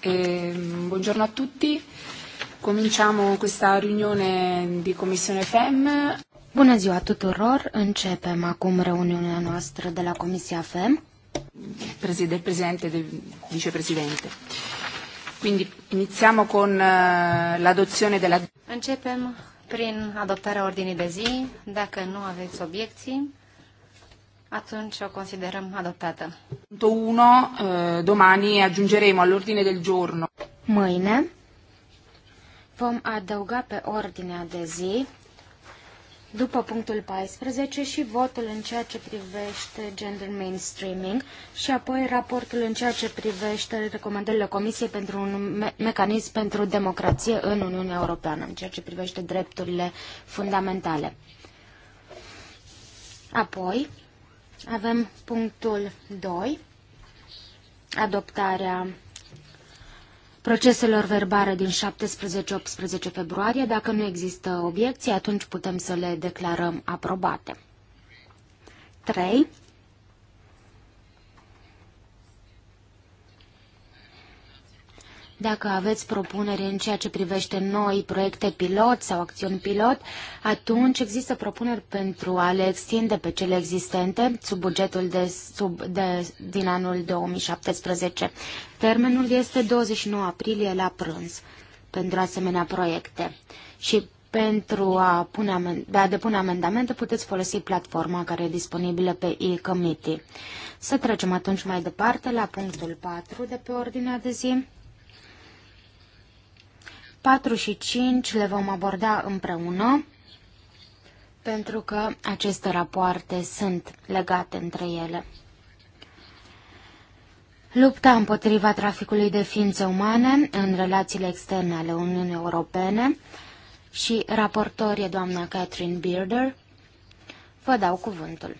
eh, buongiorno a tutti. Cominciamo questa riunione di Commissione FEM. Bună ziua tuturor! Începem acum reuniunea noastră de la Comisia FEM. Preside, presidente e vicepresidente. Quindi iniziamo con eh, l'adozione della... Începem prin adoptarea ordinii de zi. Dacă nu aveți obiecții, atunci o considerăm adoptată. Punctul 1, eh, domani aggiungeremo all'ordine del giorno. Mâine vom adăuga pe ordinea de zi după punctul 14 și votul în ceea ce privește gender mainstreaming și apoi raportul în ceea ce privește recomandările Comisiei pentru un me mecanism pentru democrație în Uniunea Europeană, în ceea ce privește drepturile fundamentale. Apoi, avem punctul 2, adoptarea proceselor verbare din 17-18 februarie. Dacă nu există obiecții, atunci putem să le declarăm aprobate. 3. Dacă aveți propuneri în ceea ce privește noi proiecte pilot sau acțiuni pilot, atunci există propuneri pentru a le extinde pe cele existente sub bugetul de, sub, de, din anul 2017. Termenul este 29 aprilie la prânz pentru asemenea proiecte. Și pentru a, pune, a depune amendamente puteți folosi platforma care e disponibilă pe e-committee. Să trecem atunci mai departe la punctul 4 de pe ordinea de zi. 4 și 5 le vom aborda împreună, pentru că aceste rapoarte sunt legate între ele. Lupta împotriva traficului de ființe umane în relațiile externe ale Uniunii Europene și raportorie doamna Catherine Bearder. Vă dau cuvântul.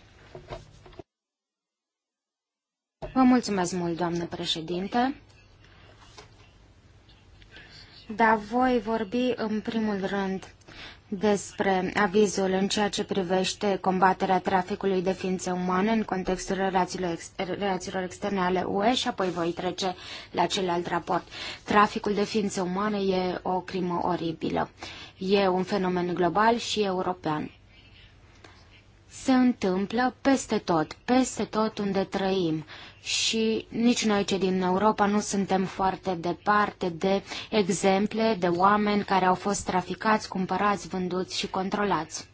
Vă mulțumesc mult, doamnă președinte dar voi vorbi în primul rând despre avizul în ceea ce privește combaterea traficului de ființe umane în contextul relațiilor, ex relațiilor externe ale UE și apoi voi trece la celălalt raport. Traficul de ființe umane e o crimă oribilă. E un fenomen global și european se întâmplă peste tot, peste tot unde trăim și nici noi cei din Europa nu suntem foarte departe de exemple de oameni care au fost traficați, cumpărați, vânduți și controlați.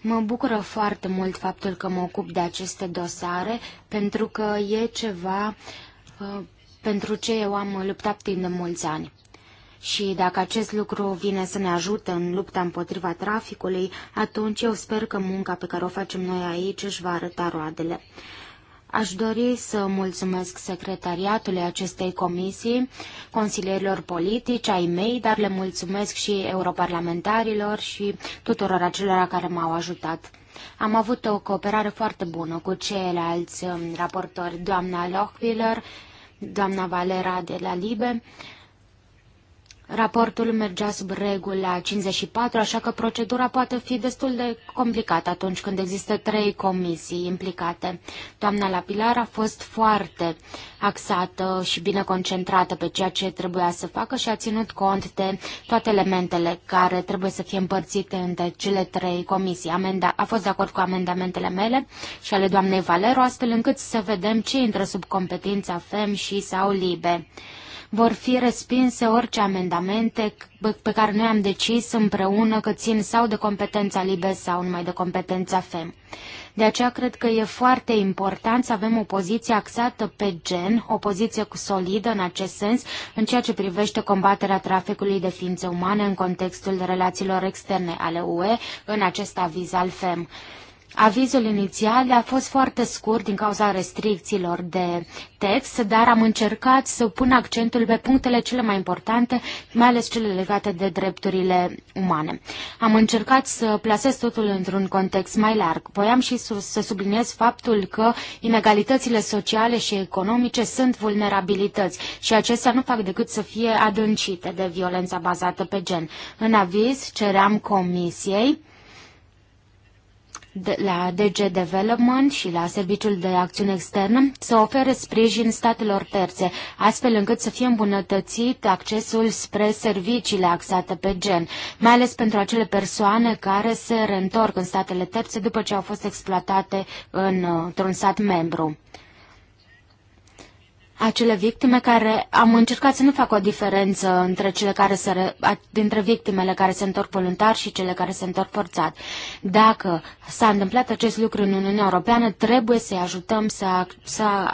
Mă bucură foarte mult faptul că mă ocup de aceste dosare, pentru că e ceva uh, pentru ce eu am luptat timp de mulți ani și dacă acest lucru vine să ne ajute în lupta împotriva traficului, atunci eu sper că munca pe care o facem noi aici își va arăta roadele. Aș dori să mulțumesc secretariatului acestei comisii, consilierilor politici, ai mei, dar le mulțumesc și europarlamentarilor și tuturor acelora care m-au ajutat. Am avut o cooperare foarte bună cu ceilalți um, raportori, doamna Lochwiller, doamna Valera de la Libe, Raportul mergea sub regula 54, așa că procedura poate fi destul de complicată atunci când există trei comisii implicate. Doamna Lapilar a fost foarte axată și bine concentrată pe ceea ce trebuia să facă și a ținut cont de toate elementele care trebuie să fie împărțite între cele trei comisii. Amenda, a fost de acord cu amendamentele mele și ale doamnei Valero, astfel încât să vedem ce intră sub competența FEM și sau LIBE vor fi respinse orice amendamente pe care noi am decis împreună că țin sau de competența LIBE sau numai de competența FEM. De aceea cred că e foarte important să avem o poziție axată pe gen, o poziție solidă în acest sens, în ceea ce privește combaterea traficului de ființe umane în contextul relațiilor externe ale UE, în acest aviz al FEM. Avizul inițial a fost foarte scurt din cauza restricțiilor de text, dar am încercat să pun accentul pe punctele cele mai importante, mai ales cele legate de drepturile umane. Am încercat să plasez totul într-un context mai larg. Voiam și să subliniez faptul că inegalitățile sociale și economice sunt vulnerabilități și acestea nu fac decât să fie adâncite de violența bazată pe gen. În aviz ceream comisiei de la DG Development și la Serviciul de Acțiune Externă să ofere sprijin statelor terțe, astfel încât să fie îmbunătățit accesul spre serviciile axate pe gen, mai ales pentru acele persoane care se reîntorc în statele terțe după ce au fost exploatate într-un stat membru acele victime care am încercat să nu fac o diferență între cele care se, dintre victimele care se întorc voluntar și cele care se întorc forțat. Dacă s-a întâmplat acest lucru în Uniunea Europeană, trebuie să-i ajutăm să, să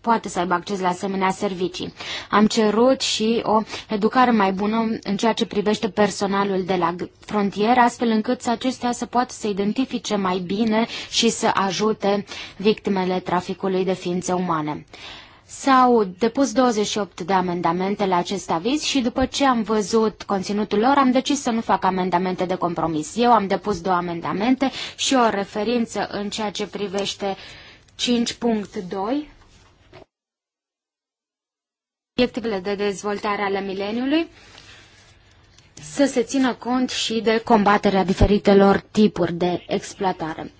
poate să aibă acces la asemenea servicii. Am cerut și o educare mai bună în ceea ce privește personalul de la frontieră, astfel încât să acestea să poată să identifice mai bine și să ajute victimele traficului de ființe umane. S-au depus 28 de amendamente la acest aviz și după ce am văzut conținutul lor, am decis să nu fac amendamente de compromis. Eu am depus două amendamente și o referință în ceea ce privește 5.2, obiectivele de dezvoltare ale mileniului, să se țină cont și de combaterea diferitelor tipuri de exploatare.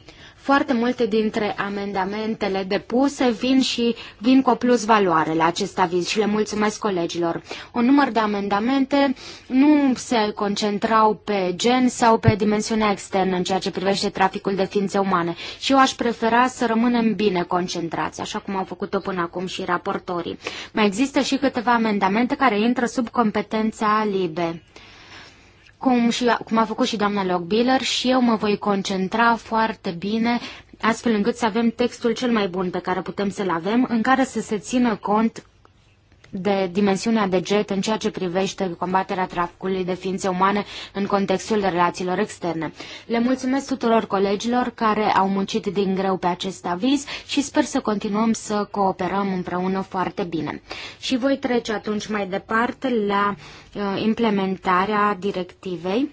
Foarte multe dintre amendamentele depuse vin și vin cu o plus valoare la acest aviz și le mulțumesc colegilor. Un număr de amendamente nu se concentrau pe gen sau pe dimensiunea externă în ceea ce privește traficul de ființe umane și eu aș prefera să rămânem bine concentrați, așa cum au făcut-o până acum și raportorii. Mai există și câteva amendamente care intră sub competența LIBE cum, și, cum a făcut și doamna Lockbiller, și eu mă voi concentra foarte bine astfel încât să avem textul cel mai bun pe care putem să-l avem, în care să se țină cont de dimensiunea de jet în ceea ce privește combaterea traficului de ființe umane în contextul relațiilor externe. Le mulțumesc tuturor colegilor care au muncit din greu pe acest aviz și sper să continuăm să cooperăm împreună foarte bine. Și voi trece atunci mai departe la uh, implementarea directivei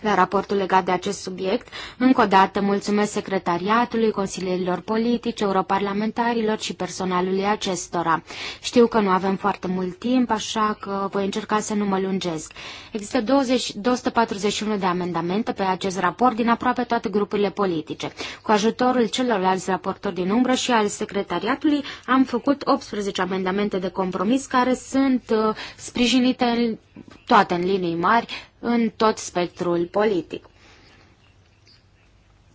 la raportul legat de acest subiect. Încă o dată mulțumesc secretariatului, consilierilor politici, europarlamentarilor și personalului acestora. Știu că nu avem foarte mult timp, așa că voi încerca să nu mă lungesc. Există 20, 241 de amendamente pe acest raport din aproape toate grupurile politice. Cu ajutorul celorlalți raportori din umbră și al secretariatului am făcut 18 amendamente de compromis care sunt uh, sprijinite în, toate în linii mari în tot spectrul politic.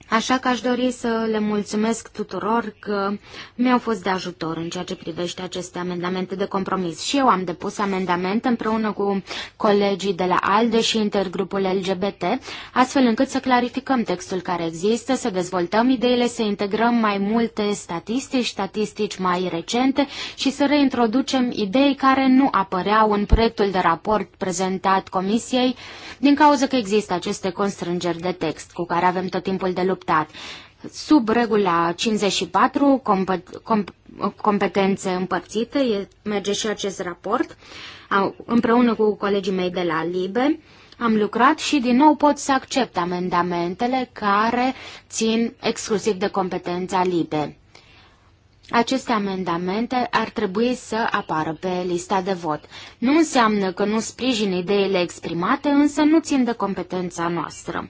Așa că aș dori să le mulțumesc tuturor că mi-au fost de ajutor în ceea ce privește aceste amendamente de compromis. Și eu am depus amendament împreună cu colegii de la ALDE și intergrupul LGBT, astfel încât să clarificăm textul care există, să dezvoltăm ideile, să integrăm mai multe statistici, statistici mai recente și să reintroducem idei care nu apăreau în proiectul de raport prezentat Comisiei din cauza că există aceste constrângeri de text cu care avem tot timpul de lucru luptat. Sub regula 54, competențe împărțite, merge și acest raport, împreună cu colegii mei de la LIBE. Am lucrat și din nou pot să accept amendamentele care țin exclusiv de competența LIBE. Aceste amendamente ar trebui să apară pe lista de vot. Nu înseamnă că nu sprijin ideile exprimate, însă nu țin de competența noastră.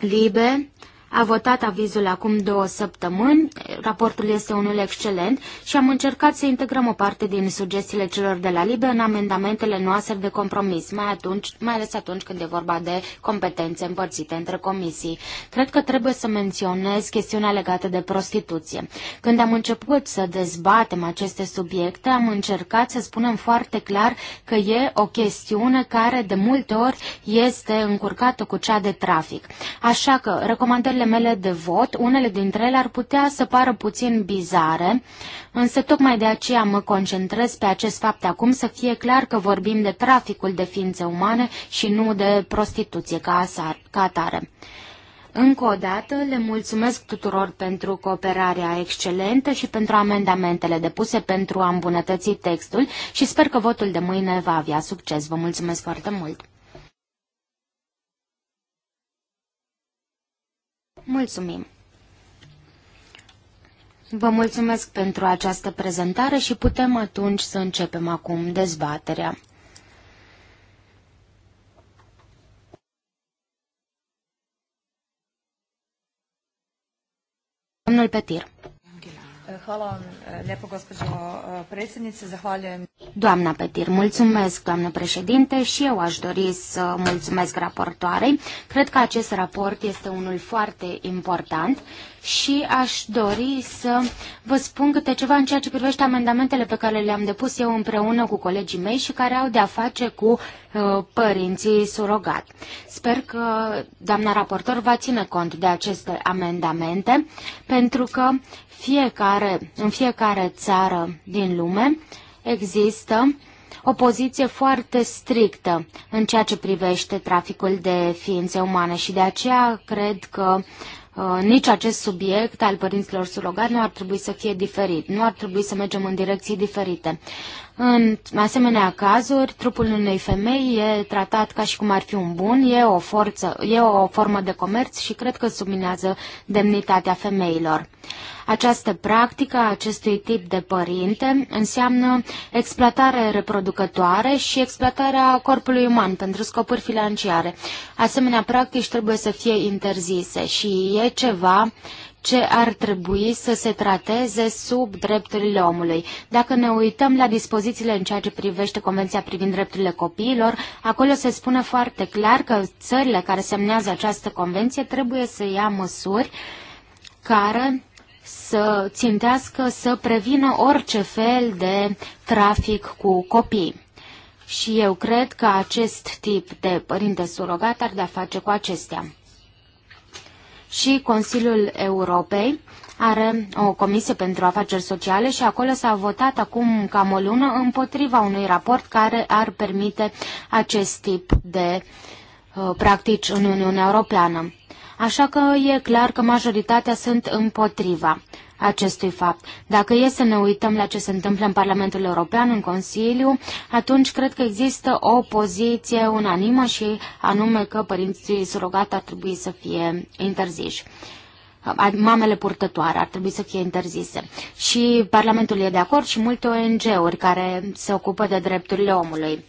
Libe a votat avizul acum două săptămâni, raportul este unul excelent și am încercat să integrăm o parte din sugestiile celor de la LIBE în amendamentele noastre de compromis, mai, atunci, mai ales atunci când e vorba de competențe împărțite între comisii. Cred că trebuie să menționez chestiunea legată de prostituție. Când am început să dezbatem aceste subiecte, am încercat să spunem foarte clar că e o chestiune care de multe ori este încurcată cu cea de trafic. Așa că recomandările mele de vot, unele dintre ele ar putea să pară pară puțin bizare, însă tocmai de aceea mă concentrez pe acest fapt acum să fie clar că vorbim de traficul de ființe umane și nu de prostituție ca, asar, ca atare. Încă o dată le mulțumesc tuturor pentru cooperarea excelentă și pentru amendamentele depuse pentru a îmbunătăți textul și sper că votul de mâine va avea succes. Vă mulțumesc foarte mult! Mulțumim! Vă mulțumesc pentru această prezentare și putem atunci să începem acum dezbaterea. Domnul Petir. Eh, eh, Doamna Petir, mulțumesc, doamnă președinte, și eu aș dori să mulțumesc raportoarei. Cred că acest raport este unul foarte important și aș dori să vă spun câte ceva în ceea ce privește amendamentele pe care le-am depus eu împreună cu colegii mei și care au de-a face cu uh, părinții surogat. Sper că doamna raportor va ține cont de aceste amendamente, pentru că fiecare, în fiecare țară din lume există o poziție foarte strictă în ceea ce privește traficul de ființe umane și de aceea cred că Uh, nici acest subiect al părinților surogat nu ar trebui să fie diferit, nu ar trebui să mergem în direcții diferite. În asemenea cazuri, trupul unei femei e tratat ca și cum ar fi un bun, e o, forță, e o formă de comerț și cred că subminează demnitatea femeilor. Această practică a acestui tip de părinte înseamnă exploatare reproducătoare și exploatarea corpului uman pentru scopuri financiare. Asemenea practici trebuie să fie interzise și e ceva ce ar trebui să se trateze sub drepturile omului. Dacă ne uităm la dispozițiile în ceea ce privește Convenția privind drepturile copiilor, acolo se spune foarte clar că țările care semnează această convenție trebuie să ia măsuri care să țintească să prevină orice fel de trafic cu copii. Și eu cred că acest tip de părinte surogat ar de-a face cu acestea și Consiliul Europei are o comisie pentru afaceri sociale și acolo s-a votat acum cam o lună împotriva unui raport care ar permite acest tip de uh, practici în Uniunea Europeană. Așa că e clar că majoritatea sunt împotriva acestui fapt. Dacă e să ne uităm la ce se întâmplă în Parlamentul European, în Consiliu, atunci cred că există o poziție unanimă și anume că părinții surogat ar trebui să fie interziși mamele purtătoare ar trebui să fie interzise. Și Parlamentul e de acord și multe ONG-uri care se ocupă de drepturile omului.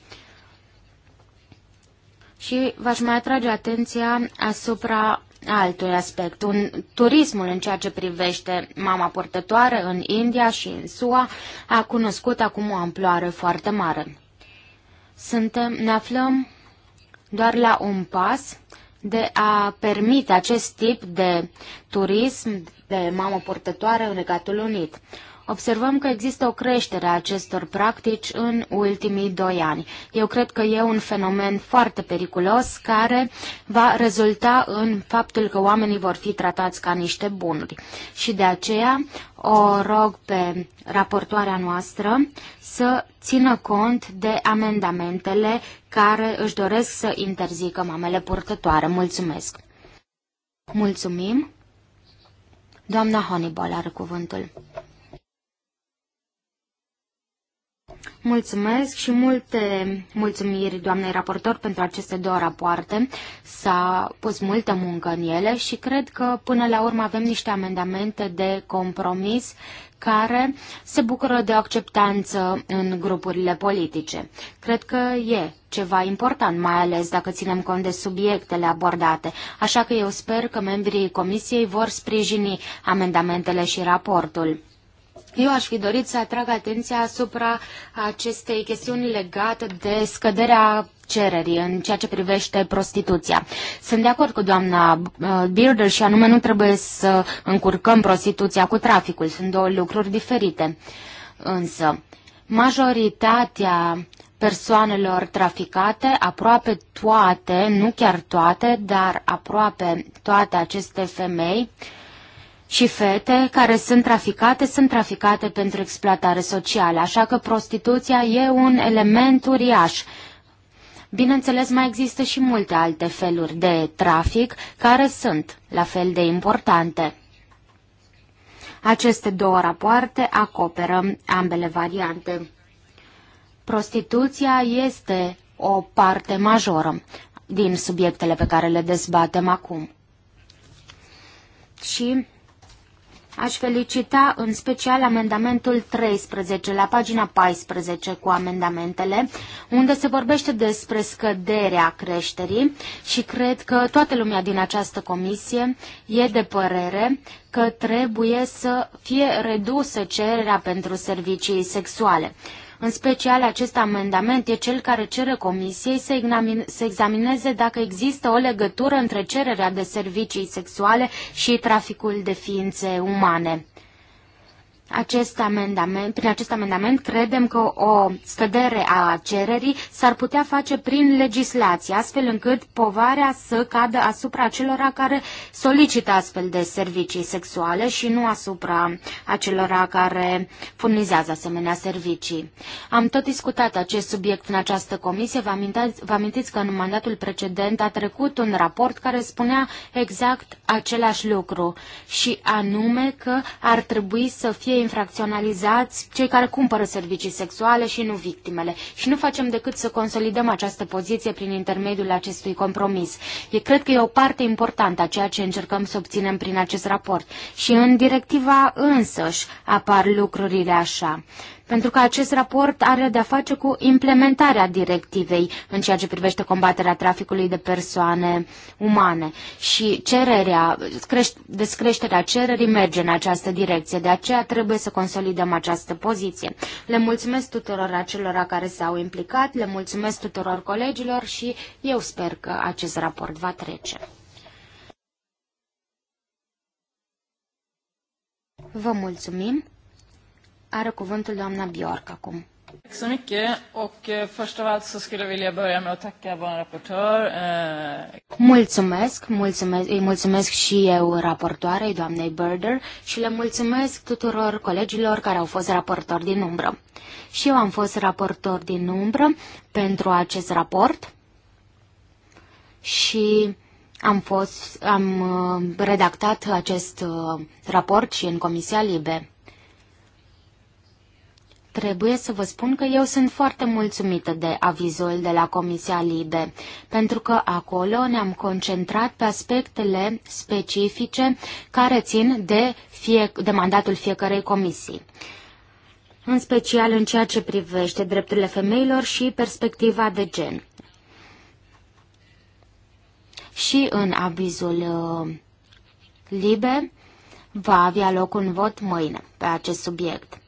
Și v-aș mai atrage atenția asupra altui aspect. Un, turismul în ceea ce privește mama purtătoare în India și în SUA a cunoscut acum o amploare foarte mare. Suntem, ne aflăm doar la un pas de a permite acest tip de turism de mamă purtătoare în Regatul Unit. Observăm că există o creștere a acestor practici în ultimii doi ani. Eu cred că e un fenomen foarte periculos care va rezulta în faptul că oamenii vor fi tratați ca niște bunuri. Și de aceea o rog pe raportoarea noastră să țină cont de amendamentele care își doresc să interzică mamele purtătoare. Mulțumesc! Mulțumim! Doamna Honeyball are cuvântul. Mulțumesc și multe mulțumiri doamnei raportor pentru aceste două rapoarte. S-a pus multă muncă în ele și cred că până la urmă avem niște amendamente de compromis care se bucură de o acceptanță în grupurile politice. Cred că e ceva important, mai ales dacă ținem cont de subiectele abordate, așa că eu sper că membrii comisiei vor sprijini amendamentele și raportul. Eu aș fi dorit să atrag atenția asupra acestei chestiuni legate de scăderea cererii în ceea ce privește prostituția. Sunt de acord cu doamna uh, Bearder și anume nu trebuie să încurcăm prostituția cu traficul. Sunt două lucruri diferite. Însă, majoritatea persoanelor traficate, aproape toate, nu chiar toate, dar aproape toate aceste femei, uh, și fete care sunt traficate, sunt traficate pentru exploatare socială, așa că prostituția e un element uriaș. Bineînțeles, mai există și multe alte feluri de trafic care sunt la fel de importante. Aceste două rapoarte acoperă ambele variante. Prostituția este o parte majoră din subiectele pe care le dezbatem acum. Și Aș felicita în special amendamentul 13, la pagina 14 cu amendamentele, unde se vorbește despre scăderea creșterii și cred că toată lumea din această comisie e de părere că trebuie să fie redusă cererea pentru servicii sexuale. În special, acest amendament e cel care cere Comisiei să, să examineze dacă există o legătură între cererea de servicii sexuale și traficul de ființe umane. Acest amendament, prin acest amendament credem că o scădere a cererii s-ar putea face prin legislație, astfel încât povarea să cadă asupra acelora care solicită astfel de servicii sexuale și nu asupra acelora care furnizează asemenea servicii. Am tot discutat acest subiect în această comisie. Vă, amintiți, vă amintiți că în mandatul precedent a trecut un raport care spunea exact același lucru și anume că ar trebui să fie infracționalizați cei care cumpără servicii sexuale și nu victimele. Și nu facem decât să consolidăm această poziție prin intermediul acestui compromis. E, cred că e o parte importantă a ceea ce încercăm să obținem prin acest raport. Și în directiva însăși apar lucrurile așa pentru că acest raport are de-a face cu implementarea directivei în ceea ce privește combaterea traficului de persoane umane și cererea, descreșterea cererii merge în această direcție, de aceea trebuie să consolidăm această poziție. Le mulțumesc tuturor acelora care s-au implicat, le mulțumesc tuturor colegilor și eu sper că acest raport va trece. Vă mulțumim! Are cuvântul doamna Bjork acum. Tack så mycket. Och eh, först skulle vilja börja med att tacka vår rapportör. Eh, mulțumesc, mulțumesc, îi mulțumesc și eu raportoarei, doamnei Berder, și le mulțumesc tuturor colegilor care au fost raportori din umbră. Și eu am fost raportor din umbră pentru acest raport și am, fost, am eh, redactat acest raport și în Comisia Libe. Trebuie să vă spun că eu sunt foarte mulțumită de avizul de la Comisia Libe, pentru că acolo ne-am concentrat pe aspectele specifice care țin de, fie, de mandatul fiecărei comisii în special în ceea ce privește drepturile femeilor și perspectiva de gen. Și în avizul uh, libe va avea loc un vot mâine pe acest subiect.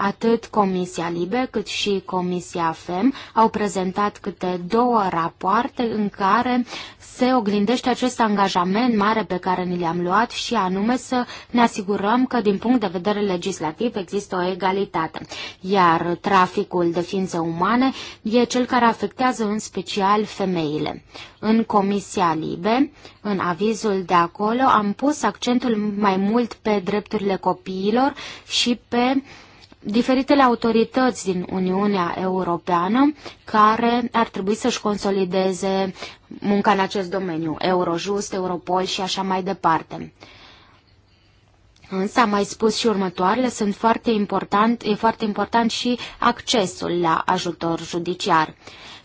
Atât Comisia Libe cât și Comisia FEM au prezentat câte două rapoarte în care se oglindește acest angajament mare pe care ni l-am luat și anume să ne asigurăm că din punct de vedere legislativ există o egalitate. Iar traficul de ființe umane e cel care afectează în special femeile. În Comisia Libe, în avizul de acolo, am pus accentul mai mult pe drepturile copiilor și pe uh, diferitele autorități din Uniunea Europeană care ar trebui să-și consolideze munca în acest domeniu, Eurojust, Europol și așa mai departe. Însă am mai spus și următoarele, sunt foarte important, e foarte important și accesul la ajutor judiciar.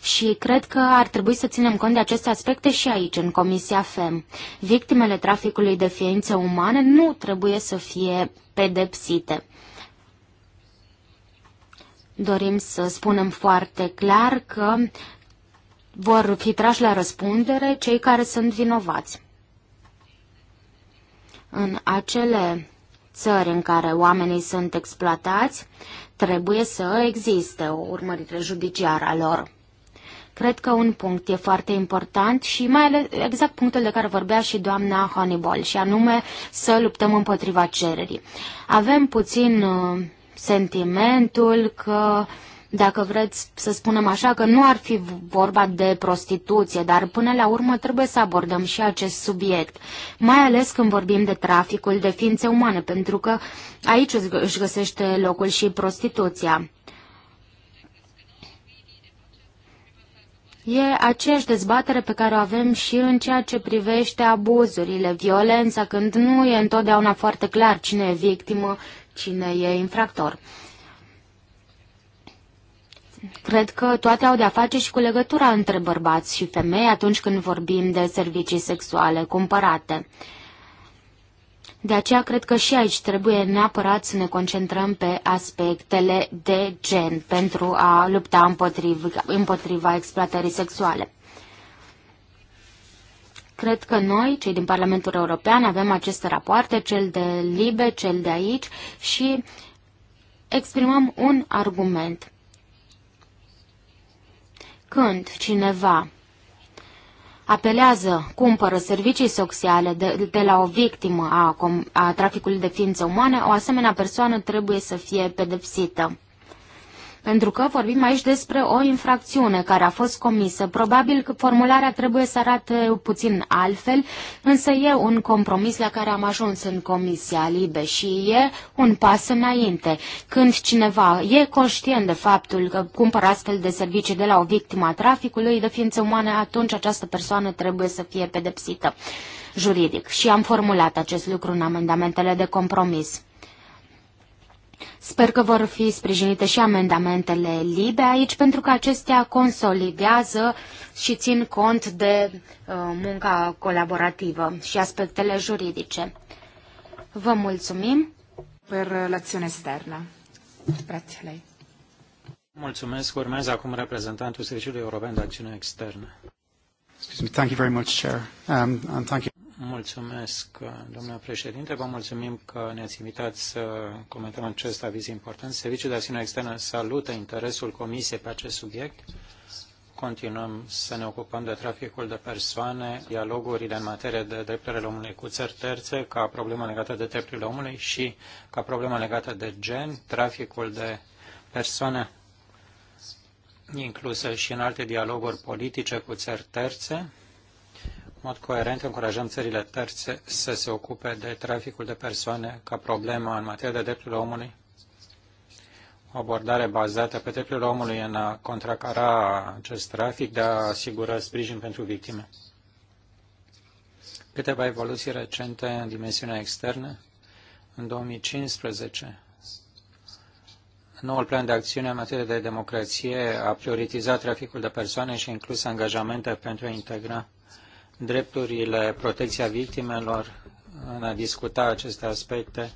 Și cred că ar trebui să ținem cont de aceste aspecte și aici, în Comisia FEM. Victimele traficului de ființe umane nu trebuie să fie pedepsite dorim să spunem foarte clar că vor fi trași la răspundere cei care sunt vinovați. În acele țări în care oamenii sunt exploatați, trebuie să existe o urmărire judiciară a lor. Cred că un punct e foarte important și mai ales exact punctul de care vorbea și doamna Honeyball, și anume să luptăm împotriva cererii. Avem puțin uh, sentimentul că, dacă vreți să spunem așa, că nu ar fi vorba de prostituție, dar până la urmă trebuie să abordăm și acest subiect, mai ales când vorbim de traficul de ființe umane, pentru că aici își găsește locul și prostituția. E aceeași dezbatere pe care o avem și în ceea ce privește abuzurile, violența, când nu e întotdeauna foarte clar cine e victimă cine e infractor. Cred că toate au de-a face și cu legătura între bărbați și femei atunci când vorbim de servicii sexuale cumpărate. De aceea cred că și aici trebuie neapărat să ne concentrăm pe aspectele de gen pentru a lupta împotriva, împotriva exploatării sexuale. Cred că noi, cei din Parlamentul European, avem aceste rapoarte, cel de Libe, cel de aici și exprimăm un argument. Când cineva apelează, cumpără servicii sociale de, de la o victimă a, a traficului de ființe umane, o asemenea persoană trebuie să fie pedepsită pentru că vorbim aici despre o infracțiune care a fost comisă. Probabil că formularea trebuie să arate puțin altfel, însă e un compromis la care am ajuns în Comisia Libe și e un pas înainte. Când cineva e conștient de faptul că cumpără astfel de servicii de la o victimă a traficului de ființe umane, atunci această persoană trebuie să fie pedepsită juridic și am formulat acest lucru în amendamentele de compromis. Sper că vor fi sprijinite și amendamentele libe aici, pentru că acestea consolidează și țin cont de uh, munca colaborativă și aspectele juridice. Vă mulțumim. Per l'azione esterna. Grazie lei. Mulțumesc. Urmează acum reprezentantul Serviciului European de Acțiune Externă. Excuse me. Thank you very much, Chair. Um, and thank you. Mulțumesc, domnule președinte. Vă mulțumim că ne-ați invitat să comentăm acest aviz important. Serviciul de Acțiune Externă salută interesul Comisiei pe acest subiect. Continuăm să ne ocupăm de traficul de persoane, dialogurile în materie de drepturile omului cu țări terțe, ca problemă legată de drepturile omului și ca problemă legată de gen, traficul de persoane inclusă și în alte dialoguri politice cu țări terțe mod coerent încurajăm țările terțe să se ocupe de traficul de persoane ca problemă în materie de drepturile omului, o abordare bazată pe drepturile omului în a contracara acest trafic, de a asigura sprijin pentru victime. Câteva evoluții recente în dimensiunea externă. În 2015, noul plan de acțiune în materie de democrație a prioritizat traficul de persoane și inclus angajamente pentru a integra drepturile, protecția victimelor, în a discuta aceste aspecte,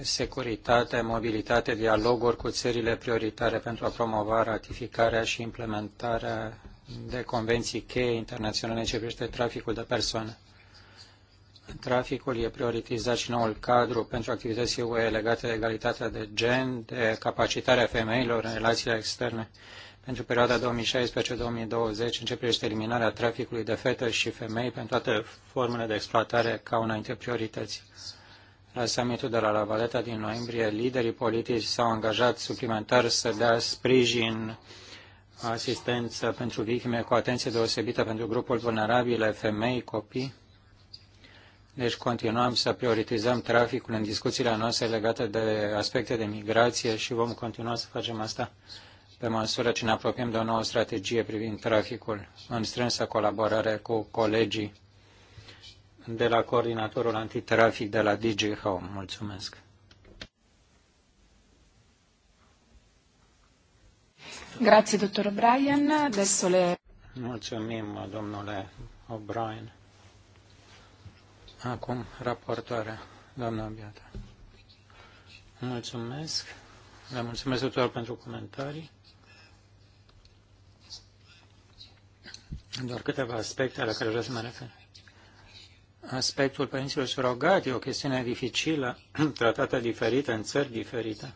securitate, mobilitate, dialoguri cu țările prioritare pentru a promova ratificarea și implementarea de convenții cheie internaționale ce privește traficul de persoane. Traficul e prioritizat și noul cadru pentru activități UE legate de egalitatea de gen, de capacitarea femeilor în relațiile externe pentru perioada 2016-2020 în ce privește eliminarea traficului de fete și femei pentru toate formele de exploatare ca una dintre priorități. La summitul de la La Valeta din noiembrie, liderii politici s-au angajat suplimentar să dea sprijin asistență pentru victime cu atenție deosebită pentru grupul vulnerabile, femei, copii. Deci continuăm să prioritizăm traficul în discuțiile noastre legate de aspecte de migrație și vom continua să facem asta pe măsură ce ne apropiem de o nouă strategie privind traficul, în strânsă colaborare cu colegii de la coordinatorul antitrafic de la DJ Home. Mulțumesc! Grazie, dottor O'Brien. Adesso le... Mulțumim, domnule O'Brien. Acum, raportoarea, doamna Biata. Mulțumesc. Le da, mulțumesc tuturor pentru comentarii. Doar câteva aspecte la care vreau să mă refer. Aspectul părinților surogat e o chestiune dificilă, tratată diferit în țări diferite.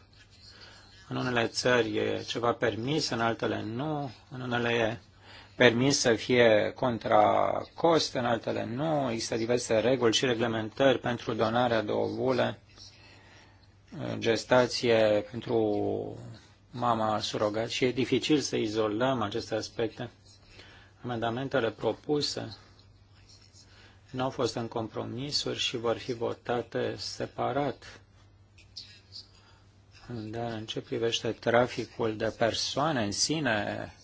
În unele țări e ceva permis, în altele nu. În unele e permis să fie contra cost, în altele nu. Există diverse reguli și reglementări pentru donarea de ovule gestație pentru mama surogat și e dificil să izolăm aceste aspecte. Amendamentele propuse nu au fost în compromisuri și vor fi votate separat. Dar în ce privește traficul de persoane în sine,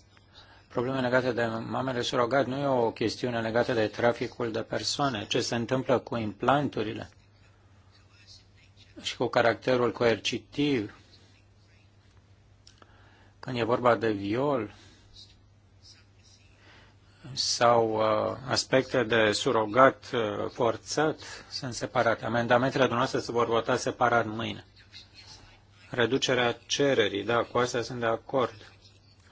probleme legate de mamele surogat nu e o chestiune legată de traficul de persoane. Ce se întâmplă cu implanturile? și cu caracterul coercitiv când e vorba de viol sau uh, aspecte de surogat uh, forțat sunt separate. Amendamentele dumneavoastră se vor vota separat mâine. Reducerea cererii, da, cu asta sunt de acord.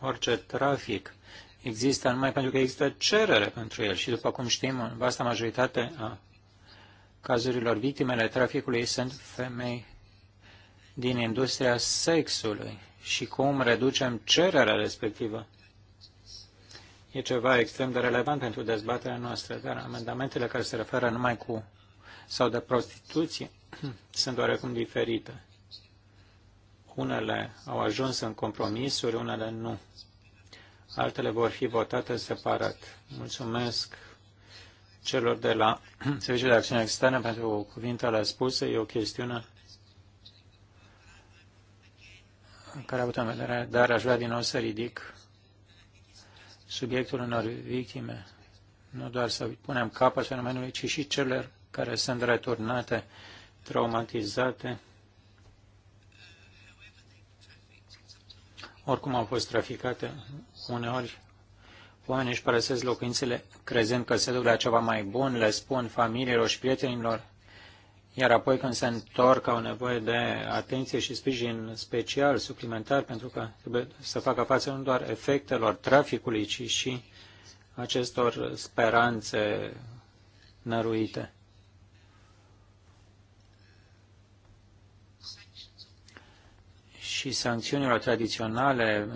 Orice trafic există numai pentru că există cerere pentru el și, după cum știm, în vasta majoritate a cazurilor victimele traficului sunt femei din industria sexului și cum reducem cererea respectivă. E ceva extrem de relevant pentru dezbaterea noastră, dar amendamentele care se referă numai cu sau de prostituție sunt oarecum diferite. Unele au ajuns în compromisuri, unele nu. Altele vor fi votate separat. Mulțumesc celor de la Serviciul de Acțiune Externă pentru cuvintele spuse. E o chestiune care a avut în vedere, dar aș vrea din nou să ridic subiectul unor victime. Nu doar să punem capăt fenomenului, ci și celor care sunt returnate, traumatizate, oricum au fost traficate uneori Oamenii își părăsesc locuințele crezând că se duc la ceva mai bun, le spun familiilor și prietenilor, iar apoi când se întorc au nevoie de atenție și sprijin special, suplimentar, pentru că trebuie să facă față nu doar efectelor traficului, ci și acestor speranțe năruite. Și sancțiunile tradiționale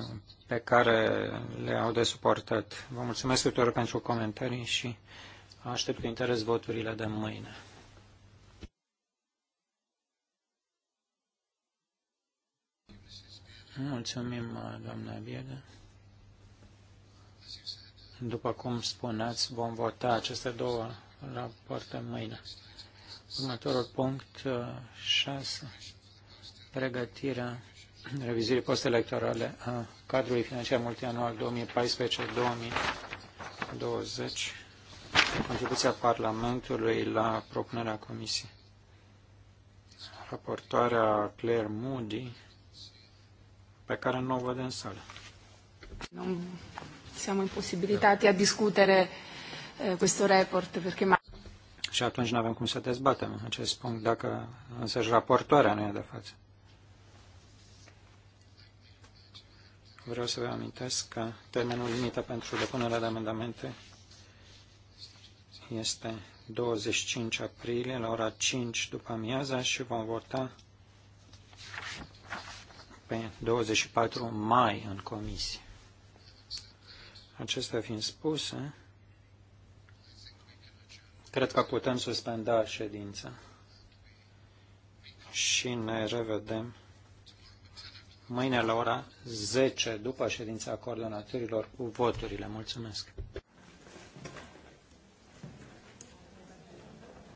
pe care le au de suportat. Vă mulțumesc tuturor pentru comentarii și aștept cu interes voturile de mâine. Mulțumim, doamna Biede. După cum spuneați, vom vota aceste două rapoarte mâine. Următorul punct 6. Pregătirea revizuirii postelectorale a cadrului financiar multianual 2014-2020, contribuția Parlamentului la propunerea Comisiei. Raportoarea Claire Moody, pe care nu o văd în sală. Nu siamo imposibilitati a discutere eh, questo report perché Și atunci nu avem cum să dezbatem acest punct, dacă însăși raportoarea nu e de față. Vreau să vă amintesc că termenul limită pentru depunerea de amendamente este 25 aprilie la ora 5 după amiaza și vom vota pe 24 mai în comisie. Acestea fiind spuse, cred că putem suspenda ședința și ne revedem mâine la ora 10 după ședința coordonatorilor cu voturile. Mulțumesc!